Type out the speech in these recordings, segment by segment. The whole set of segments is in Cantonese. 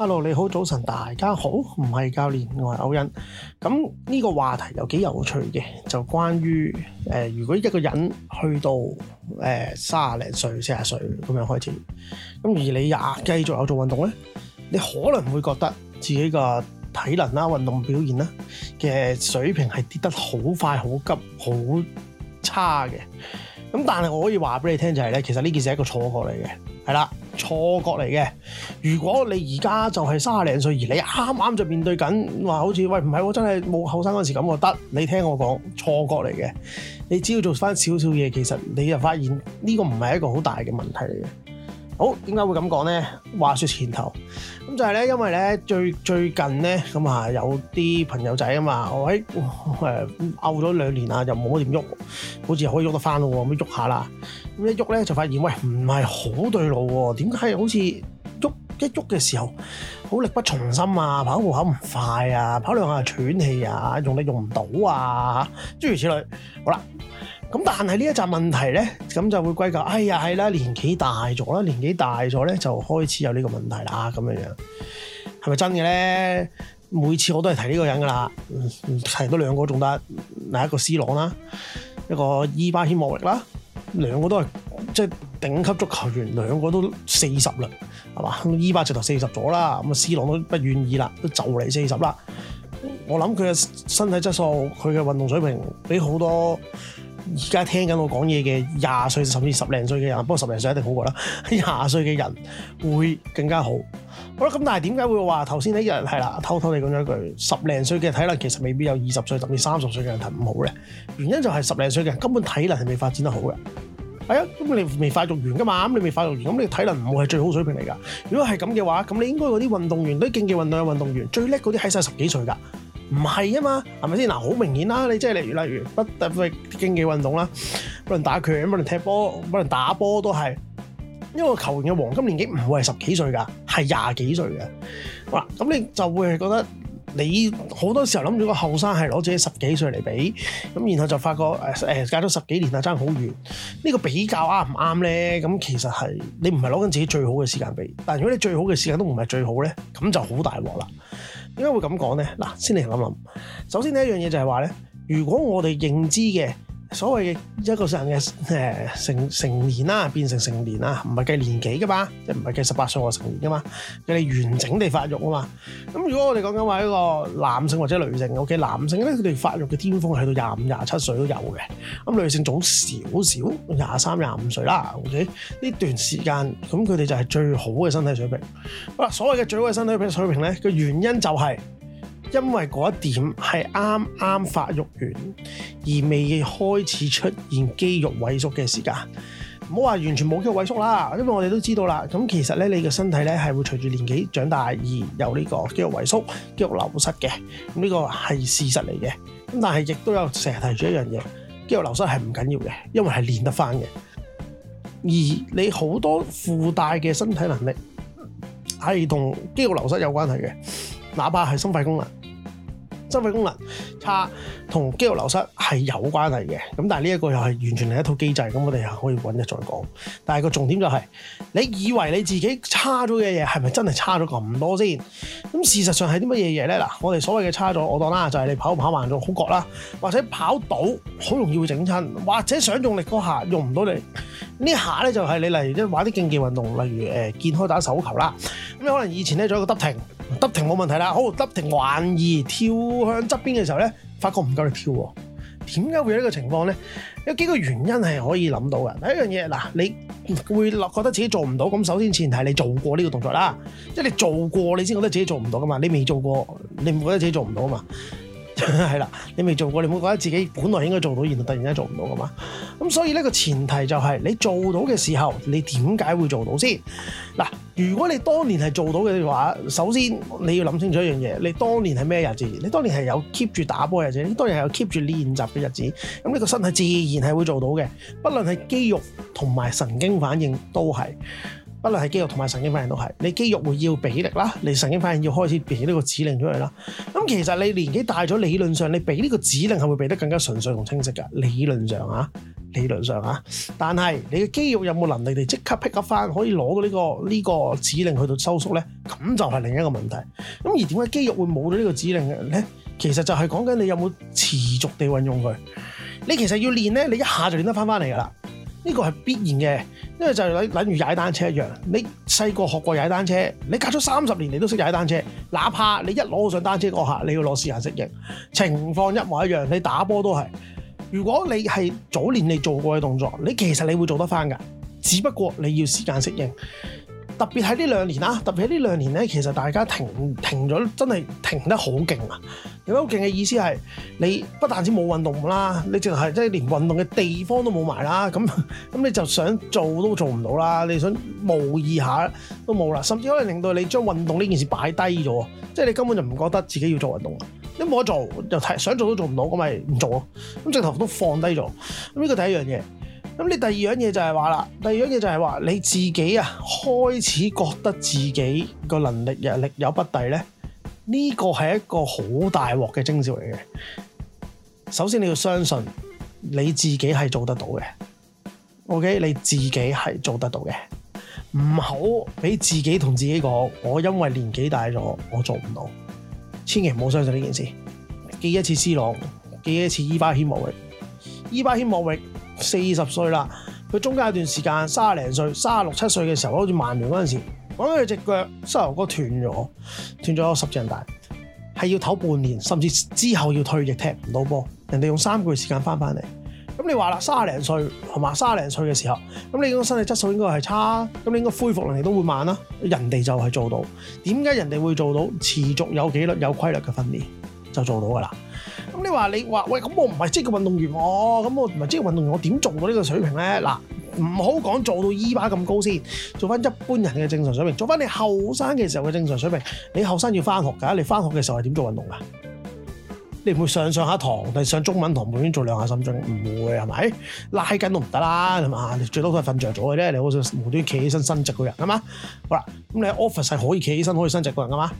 Hello，你好，早晨，大家好，唔係教練，我係歐文。咁呢個話題又幾有趣嘅，就關於誒、呃，如果一個人去到誒三十零歲、四十歲咁樣開始，咁而你又繼續有做運動呢？你可能會覺得自己個體能啦、運動表現啦嘅水平係跌得好快、好急、好差嘅。咁但係我可以話俾你聽就係咧，其實呢件事係一個錯覺嚟嘅，係啦，錯覺嚟嘅。如果你而家就係三十零歲，而你啱啱就面對緊話好似喂，唔係，我真係冇後生嗰陣時咁咁得。你聽我講，錯覺嚟嘅。你只要做翻少少嘢，其實你就發現呢個唔係一個好大嘅問題嚟嘅。好，點解會咁講咧？話說前頭咁就係咧，因為咧最最近咧咁啊有啲朋友仔啊嘛，我喺誒拗咗兩年啊，又冇乜點喐，好似可以喐得返咯喎，咁樣喐下啦，咁一喐咧就發現喂唔係好對路喎、啊，點解好似喐一喐嘅時候好力不從心啊，跑步跑唔快啊，跑兩下喘氣啊，用力用唔到啊，諸如此類。好啦。咁但係呢一集問題咧，咁就會歸咎，哎呀係啦，年紀大咗啦，年紀大咗咧就開始有呢個問題啦，咁樣樣係咪真嘅咧？每次我都係提呢個人㗎啦，提多兩個仲得，嗱，一個 C 朗啦，一個伊巴謙莫力啦，兩個都係即係頂級足球員，兩個都四十啦，係嘛？伊巴直頭四十咗啦，咁啊 C 朗都不願意啦，都就嚟四十啦。我諗佢嘅身體質素，佢嘅運動水平比好多。而家聽緊我講嘢嘅廿歲甚至十零歲嘅人，不過十零歲一定歲的好過啦。廿 歲嘅人會更加好，好啦。咁但係點解會話頭先啲日係啦偷偷哋講咗一句，十零歲嘅體能其實未必有二十歲甚至三十歲嘅人體唔好咧？原因就係十零歲嘅人根本體能係未發展得好嘅，係、哎、啊，咁你未發育完噶嘛，咁你未發育完，咁你體能唔會係最好水平嚟噶。如果係咁嘅話，咁你應該嗰啲運動員、啲競技運動嘅運動員最叻嗰啲喺曬十幾歲噶。唔係啊嘛，係咪先？嗱，好明顯啦，你即係例如例如不特別啲競技運動啦，無論打拳、無論踢波、無論打波都係，因為球員嘅黃金年紀唔會係十幾歲㗎，係廿幾歲嘅。好啦，咁你就會係覺得你好多時候諗住個後生係攞自己十幾歲嚟比，咁然後就發覺誒誒、呃、隔咗十幾年啊爭好遠。呢、呢個比較啱唔啱咧？咁其實係你唔係攞緊自己最好嘅時間比，但如果你最好嘅時間都唔係最好咧，咁就好大鑊啦。點解會咁講咧？嗱，先嚟諗諗。首先第一樣嘢就係話，如果我哋認知嘅。所謂嘅一個成人嘅誒成成年啦，變成成年啦，唔係計年紀噶嘛，即唔係計十八歲我成年噶嘛，佢哋完整地發育啊嘛。咁如果我哋講緊話一個男性或者女性，O K，男性咧佢哋發育嘅巔峯去到廿五、廿七歲都有嘅，咁女性早少少廿三、廿五歲啦。O K，呢段時間咁佢哋就係最好嘅身體水平。好啦，所謂嘅最好嘅身體水平咧，個原因就係、是。因為嗰一點係啱啱發育完，而未開始出現肌肉萎縮嘅時間，唔好話完全冇肌肉萎縮啦。因為我哋都知道啦，咁其實呢，你嘅身體呢係會隨住年紀長大而有呢個肌肉萎縮、肌肉流失嘅，呢個係事實嚟嘅。咁但係亦都有成日提出一樣嘢，肌肉流失係唔緊要嘅，因為係練得返嘅。而你好多附帶嘅身體能力係同肌肉流失有關係嘅，哪怕係心肺功能。心肺功能差同肌肉流失係有關係嘅，咁但係呢一個又係完全另一套機制，咁我哋又可以揾日再講。但係個重點就係，是，你以為你自己差咗嘅嘢係咪真係差咗咁多先？咁事實上係啲乜嘢嘢咧？嗱，我哋所謂嘅差咗，我當啦就係你跑唔跑慢咗好覺啦，或者跑到好容易會整親，或者想用力嗰下用唔到你。呢下咧就係你例如玩一玩啲競技運動，例如誒健康打手球啦，咁你可能以前咧做一個得停。得停冇問題啦，好得停玩意跳向側邊嘅時候咧，發覺唔夠力跳喎，點解會有呢個情況咧？有幾個原因係可以諗到嘅。第一樣嘢嗱，你會落覺得自己做唔到，咁首先前提係你做過呢個動作啦，即係你做過，你先覺得自己做唔到噶嘛，你未做過，你唔覺得自己做唔到嘛。係 啦，你未做過，你唔會覺得自己本來應該做到，然後突然間做唔到噶嘛？咁所以呢個前提就係、是、你做到嘅時候，你點解會做到先？嗱，如果你當年係做到嘅話，首先你要諗清楚一樣嘢，你當年係咩日子？你當年係有 keep 住打波嘅日子，你當年係有 keep 住練習嘅日子，咁你個身體自然係會做到嘅，不論係肌肉同埋神經反應都係。不論係肌肉同埋神經反應都係，你肌肉會要俾力啦，你神經反應要開始俾呢個指令出嚟啦。咁其實你年紀大咗，理論上你俾呢個指令係會俾得更加純粹同清晰㗎。理論上啊，理論上啊，但係你嘅肌肉有冇能力嚟即刻 pick up 翻可以攞到呢個呢個指令去到收縮咧？咁就係另一個問題。咁而點解肌肉會冇咗呢個指令嘅咧？其實就係講緊你有冇持續地運用佢。你其實要練咧，你一下就練得翻翻嚟㗎啦。呢個係必然嘅。因為就等等如踩單車一樣，你細個學過踩單車，你隔咗三十年你都識踩單車，哪怕你一攞上單車嗰下，你要攞時間適應，情況一模一樣。你打波都係，如果你係早年你做過嘅動作，你其實你會做得返㗎，只不過你要時間適應。特別喺呢兩年啦，特別喺呢兩年咧，其實大家停停咗，真係停得好勁啊！點解好勁嘅意思係你不但止冇運動啦，你淨係即係連運動嘅地方都冇埋啦。咁咁你就想做都做唔到啦，你想模擬下都冇啦，甚至可能令到你將運動呢件事擺低咗，即係你根本就唔覺得自己要做運動。一冇得做，又睇想做都做唔到，咁咪唔做咯。咁直頭都放低咗。咁呢個第一樣嘢。咁你第二樣嘢就係話啦，第二樣嘢就係話你自己啊，開始覺得自己個能力日力有不逮呢。呢個係一個好大鑊嘅徵兆嚟嘅。首先你要相信你自己係做得到嘅，OK？你自己係做得到嘅，唔好俾自己同自己講，我因為年紀大咗，我做唔到。千祈唔好相信呢件事，記一次 C 朗，記一次伊巴謙莫域，伊巴謙莫域。四十歲啦，佢中間有段時間，三十零歲、三十六七歲嘅時候，好似曼聯嗰陣時，講緊佢隻腳膝頭哥斷咗，斷咗十字韌帶，係要唞半年，甚至之後要退役踢唔到波。人哋用三個月時間翻翻嚟，咁你話啦，三十零歲同埋三十零歲嘅時候，咁你嗰個身體質素應該係差，咁你應該恢復能力都會慢啦。人哋就係做到，點解人哋會做到？持續有紀律、有規律嘅訓練就做到㗎啦。咁你話你話喂，咁我唔係職業運動員喎，咁、哦、我唔係職業運動員，我點做到呢個水平咧？嗱，唔好講做到 E 把咁高先，做翻一般人嘅正常水平，做翻你後生嘅時候嘅正常水平。你後生要翻學噶，你翻學嘅時候係點做運動噶？你唔會上上下堂，但係上中文堂無端做兩下深蹲，唔會，係咪？拉筋都唔得啦，係嘛？你最多都係瞓着咗嘅啫，你好想無端企起身伸直個人，係嘛？好啦，咁你 office 係可以企起身可以伸直個人噶嘛？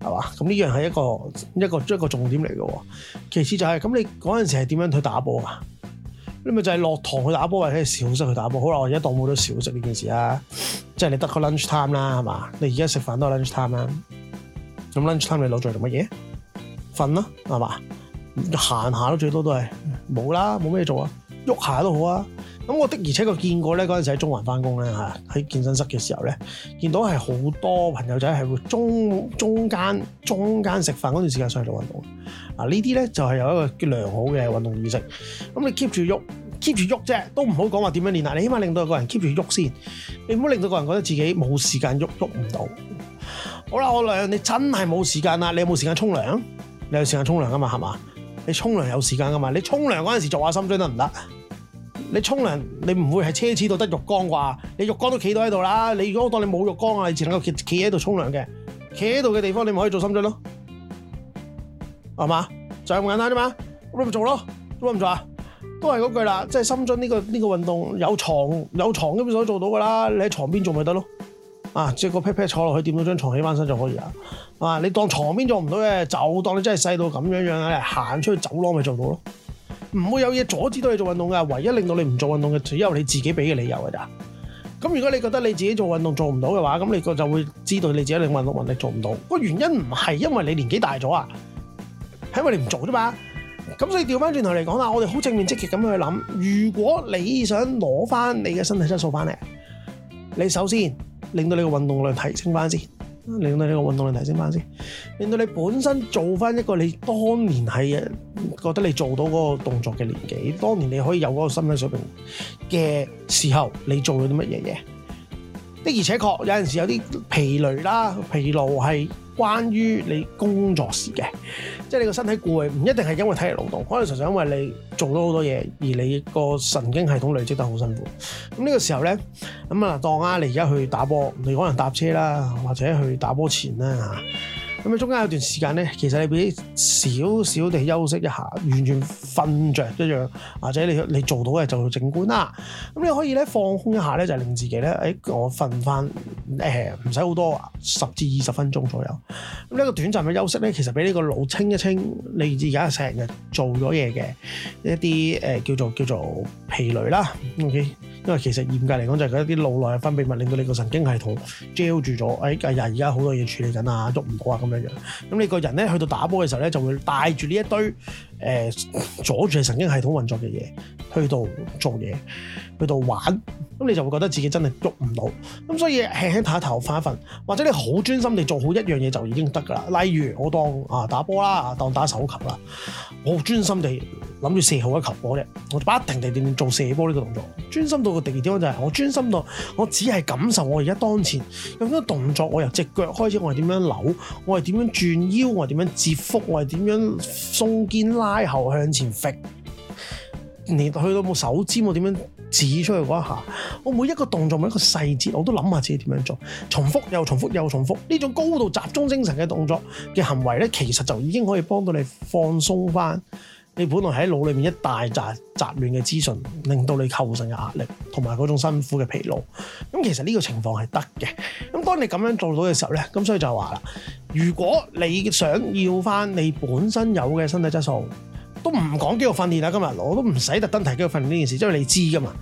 係嘛？咁呢樣係一個一個一個重點嚟嘅。其次就係咁，你嗰陣時係點樣去打波啊？你咪就係落堂去打波，或者係小息去打波。好啦，我而家當冇咗小息呢件事啦。即係你得個 lunch time 啦，係嘛？你而家食飯都係 lunch time 啦。咁 lunch time 你攞咗嚟做乜嘢？瞓啦，係嘛？行下咯，最多都係冇啦，冇咩做啊，喐下都好啊。咁我的而且確見過咧，嗰陣時喺中環翻工咧，喺健身室嘅時候咧，見到係好多朋友仔係會中中間中間食飯嗰段時間上去做運動啊！呢啲咧就係有一個良好嘅運動意識。咁你 keep 住喐，keep 住喐啫，都唔好講話點樣練啦。你起碼令到個人 keep 住喐先，你唔好令到個人覺得自己冇時間喐，喐唔到。好啦，我量你真係冇時間啦！你有冇時間沖涼？你有時間沖涼噶嘛？係嘛？你沖涼有時間噶嘛？你沖涼嗰陣時做下深蹲得唔得？你沖涼你唔會係奢侈到得浴缸啩？你浴缸都企到喺度啦。你如果當你冇浴缸啊，你只能夠企企喺度沖涼嘅。企喺度嘅地方，你咪可以做深蹲咯，係嘛？就咁簡單啫嘛。咁你咪做咯，咁做唔做啊？都係嗰句啦，即係深蹲呢個呢、呢個運動有床，有床基本上都做到㗎啦。你喺床邊做咪得咯？啊，即係個 pat pat 坐落去，掂到張床起翻身就可以啦。啊，你當床邊做唔到嘅，就當你真係細到咁樣樣啊，行出去走廊咪做到咯。唔會有嘢阻止到你做運動噶，唯一令到你唔做運動嘅，只有你自己俾嘅理由噶咋。咁如果你覺得你自己做運動做唔到嘅話，咁你就就會知道你自己令運動能力做唔到個原因，唔係因為你年紀大咗啊，係因為你唔做啫嘛。咁所以調翻轉頭嚟講啦，我哋好正面積極咁樣去諗，如果你想攞翻你嘅身體質素翻嚟，你首先令到你嘅運動量提升翻先。令到呢個運動量提升翻先，令到你本身做翻一個你當年係覺得你做到嗰個動作嘅年紀，當年你可以有嗰個身體水平嘅時候，你做咗啲乜嘢嘢？的而且確有陣時有啲疲累啦、疲勞係。關於你工作時嘅，即係你個身體攰，唔一定係因為體力勞動，可能就係因為你做咗好多嘢，而你個神經系統累積得好辛苦。咁呢個時候咧，咁啊，當啊，你而家去打波，你可能搭車啦，或者去打波前啦吓。咁啊，中間有段時間咧，其實你俾少少地休息一下，完全瞓着一樣，或者你你做到嘅就靜觀啦。咁你可以咧放空一下咧，就令、是、自己咧，誒我瞓翻誒，唔使好多十至二十分鐘左右。咁呢個短暫嘅休息咧，其實俾呢個腦清一清，你而家成日做咗嘢嘅一啲誒、呃、叫做叫做疲累啦。OK。因為其實嚴格嚟講，就係嗰啲腦內嘅分泌物，令到你個神經系統遮住咗。哎呀，而家好多嘢處理緊啊，喐唔過啊咁樣樣。咁你個人咧，去到打波嘅時候咧，就會帶住呢一堆。誒、呃、阻住你神經系統運作嘅嘢，去到做嘢，去到玩，咁你就會覺得自己真係喐唔到。咁所以輕輕抖一抖瞓一瞓，或者你好專心地做好一樣嘢就已經得㗎啦。例如我當啊打波啦，當打手球啦，我專心地諗住射好一球波啫，我就不停地練做射波呢個動作，專心到個第二點就係、是、我專心到我只係感受我而家當前咁多動作，我由隻腳開始我係點樣扭，我係點樣轉腰，我係點樣折腹，我係點樣鬆肩啦。拉後向前揈，連去到冇手指，冇點樣指出去嗰一下，我每一個動作每一個細節，我都諗下自己點樣做，重複又重複又重複，呢種高度集中精神嘅動作嘅行為咧，其實就已經可以幫到你放鬆翻。你本來喺腦裏面一大紮雜亂嘅資訊，令到你構成嘅壓力同埋嗰種辛苦嘅疲勞，咁其實呢個情況係得嘅。咁當你咁樣做到嘅時候咧，咁所以就話啦。如果你想要翻你本身有嘅身體質素，都唔講肌肉訓練啦。今日我都唔使特登提肌肉訓練呢件事，因為你知噶嘛。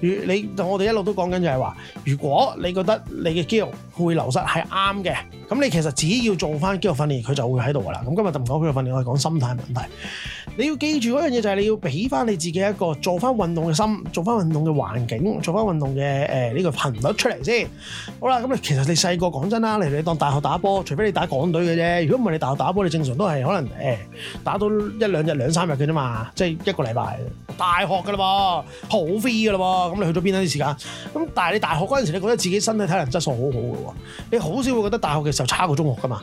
如你我哋一路都講緊就係話，如果你覺得你嘅肌肉會流失係啱嘅，咁你其實只要做翻肌肉訓練，佢就會喺度噶啦。咁今日就唔講肌肉訓練，我係講心態問題。你要記住嗰樣嘢就係你要俾翻你自己一個做翻運動嘅心，做翻運動嘅環境，做翻運動嘅呢、呃呢個頻率出嚟先。好啦，咁你其實你細個講真啦，你當大學打波，除非你打港隊嘅啫。如果唔係你大學打波，你正常都係可能誒打到一兩日、兩三日嘅啫嘛，即係一個禮拜。大學㗎啦噃，好 free 㗎啦噃。咁你去咗邊啲時間？咁但係你大學嗰陣時，你覺得自己身體體能質素好好嘅喎，你好少會覺得大學嘅時候差過中學㗎嘛。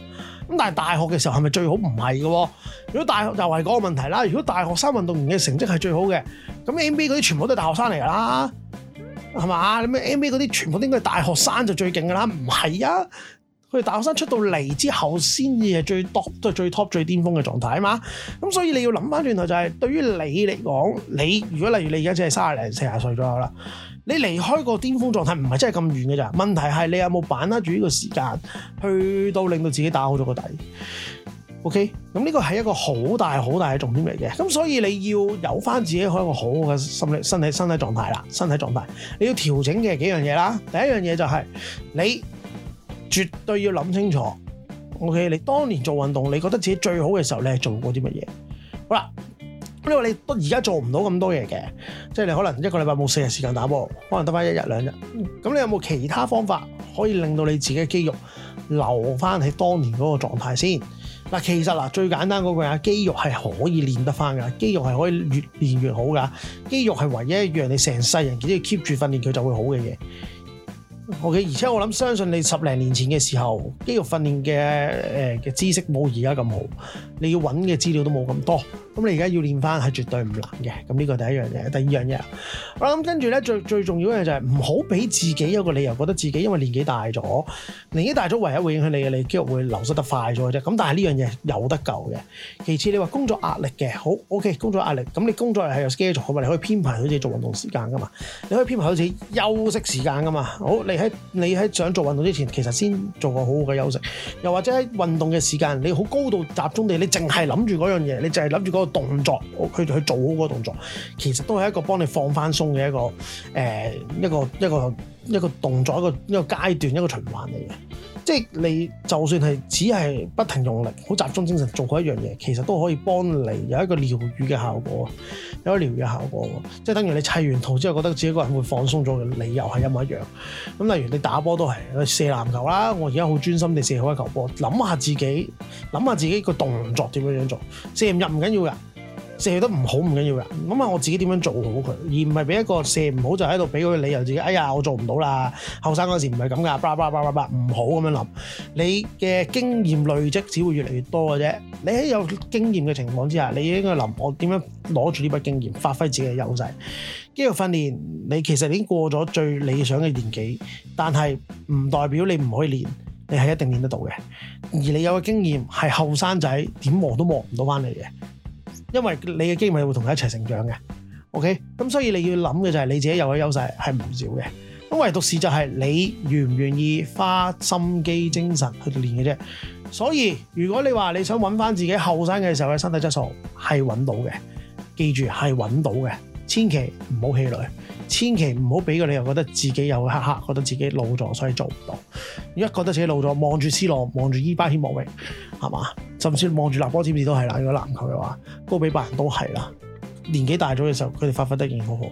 咁但係大學嘅時候係咪最好？唔係嘅，如果大學又係嗰個問題啦。如果大學生運動員嘅成績係最好嘅，咁 NBA 嗰啲全部都係大學生嚟噶啦，係嘛？你咩 NBA 嗰啲全部都應該係大學生就最勁噶啦，唔係啊？佢哋大學生出到嚟之後，先至係最 top、最 top、最巔峰嘅狀態啊嘛。咁所以你要諗翻轉頭，就係對於你嚟講，你如果例如你而家只係三十零、四十歲左右啦，你離開個巔峰狀態唔係真係咁遠嘅咋。問題係你有冇把握住呢個時間，去到令到自己打好咗個底。OK，咁呢個係一個好大、好大嘅重點嚟嘅。咁所以你要有翻自己一個好嘅心理、身體、身體狀態啦，身體狀態你要調整嘅幾樣嘢啦。第一樣嘢就係、是、你。絕對要諗清楚，OK？你當年做運動，你覺得自己最好嘅時候，你係做過啲乜嘢？好啦，因為你而家做唔到咁多嘢嘅，即係你可能一個禮拜冇四日時間打波，可能得翻一日兩日。咁你有冇其他方法可以令到你自己嘅肌肉留翻喺當年嗰個狀態先？嗱，其實嗱最簡單嗰句啊，肌肉係可以練得翻㗎，肌肉係可以越練越好㗎，肌肉係唯一讓一樣你成世人只要 keep 住訓練佢就會好嘅嘢。O.K. 而且我諗相信你十零年前嘅時候肌肉訓練嘅誒嘅知識冇而家咁好，你要揾嘅資料都冇咁多，咁你而家要練翻係絕對唔難嘅。咁呢個是第一樣嘢，第二樣嘢，我諗跟住咧最最重要嘅就係唔好俾自己一個理由覺得自己因為年紀大咗，年紀大咗唯一會影響你嘅你肌肉會流失得快咗啫。咁但係呢樣嘢有得救嘅。其次你話工作壓力嘅好 O.K. 工作壓力，咁你工作係有 schedule 嘅嘛？你可以編排好似做運動時間噶嘛？你可以編排好似休息時間噶嘛？好你。喺你喺想做運動之前，其實先做個好好嘅休息，又或者喺運動嘅時間，你好高度集中地，你淨係諗住嗰樣嘢，你淨係諗住嗰個動作，去去做好嗰個動作，其實都係一個幫你放翻鬆嘅一個誒、呃、一個一個一個動作，一個一個階段，一個循環嚟嘅。即、就、係、是、你就算係只係不停用力，好集中精神做過一樣嘢，其實都可以幫你有一個療愈嘅效果，有一個療愈嘅效果。即係等於你砌完圖之後，覺得自己個人會放鬆咗嘅理由係一模一樣。咁例如你打波都係，你射籃球啦，我而家好專心地射好一球波，諗下自己，諗下自己個動作點樣樣做，射唔入唔緊要㗎。射得唔好唔緊要㗎，咁啊我自己點樣做好佢，而唔係俾一個射唔好就喺度俾嗰個理由自己。哎呀，我做唔到啦！後生嗰時唔係咁噶，巴拉巴拉巴拉巴拉，唔好咁樣諗。你嘅經驗累積只會越嚟越多嘅啫。你喺有經驗嘅情況之下，你應該諗我點樣攞住呢筆經驗，發揮自己嘅優勢。肌肉訓練你其實已經過咗最理想嘅年紀，但係唔代表你唔可以練，你係一定練得到嘅。而你有嘅經驗係後生仔點磨都磨唔到翻嚟嘅。因為你嘅機會會同佢一齊成長嘅，OK？咁所以你要諗嘅就係你自己有嘅優勢係唔少嘅，因為唯獨係就係你願唔願意花心機精神去練嘅啫。所以如果你話你想揾翻自己後生嘅時候嘅身體質素係揾到嘅，記住係揾到嘅，千祈唔好氣餒，千祈唔好俾個理由覺得自己有黑黑，覺得自己老咗所以做唔到。如果覺得自己老咗，望住 C 朗，望住伊巴希莫域，係嘛？甚至望住立波詹士都係啦，如果籃球嘅話，高比拜仁都係啦。年紀大咗嘅時候，佢哋發揮得已經好好。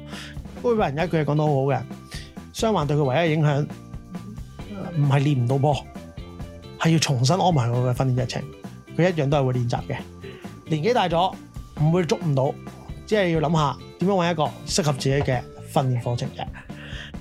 高比拜仁有一句係講得很好好嘅，傷患對佢唯一嘅影響唔係練唔到波，係要重新安排佢嘅訓練日程。佢一樣都係會練習嘅。年紀大咗唔會捉唔到，只係要諗下點樣揾一個適合自己嘅訓練課程嘅。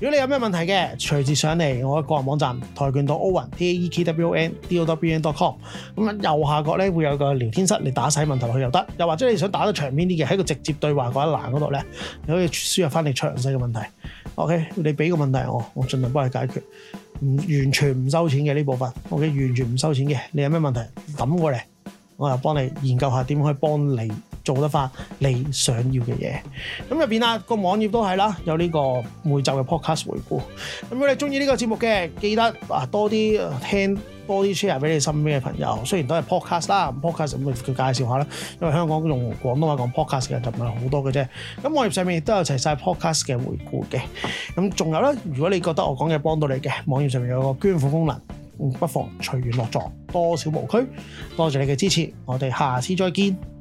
如果你有咩問題嘅，隨時上嚟我個人網站跆拳道歐文 T A E K W N D O W N dot com，咁右下角咧會有個聊天室，你打曬問題落去又得，又或者你想打得長篇啲嘅，喺個直接對話一欄嗰度咧，你可以輸入翻你詳細嘅問題。OK，你俾個問題我，我盡量幫你解決，唔完全唔收錢嘅呢部分。OK，完全唔收錢嘅，你有咩問題抌過嚟，我又幫你研究下點可以幫你。做得翻你想要嘅嘢咁入邊啦，那裡面那個網頁都係啦，有呢個每集嘅 podcast 回顧。咁如果你中意呢個節目嘅，記得啊多啲聽多啲 share 俾你身邊嘅朋友。雖然都係 podcast 啦不，podcast 咁咪介紹下啦。因為香港用廣東話講 podcast 嘅人就唔係好多嘅啫。咁網頁上面亦都有齊晒 podcast 嘅回顧嘅。咁仲有咧，如果你覺得我講嘢幫到你嘅，網頁上面有個捐款功能，不妨隨緣落座，多少無區。多謝你嘅支持，我哋下次再見。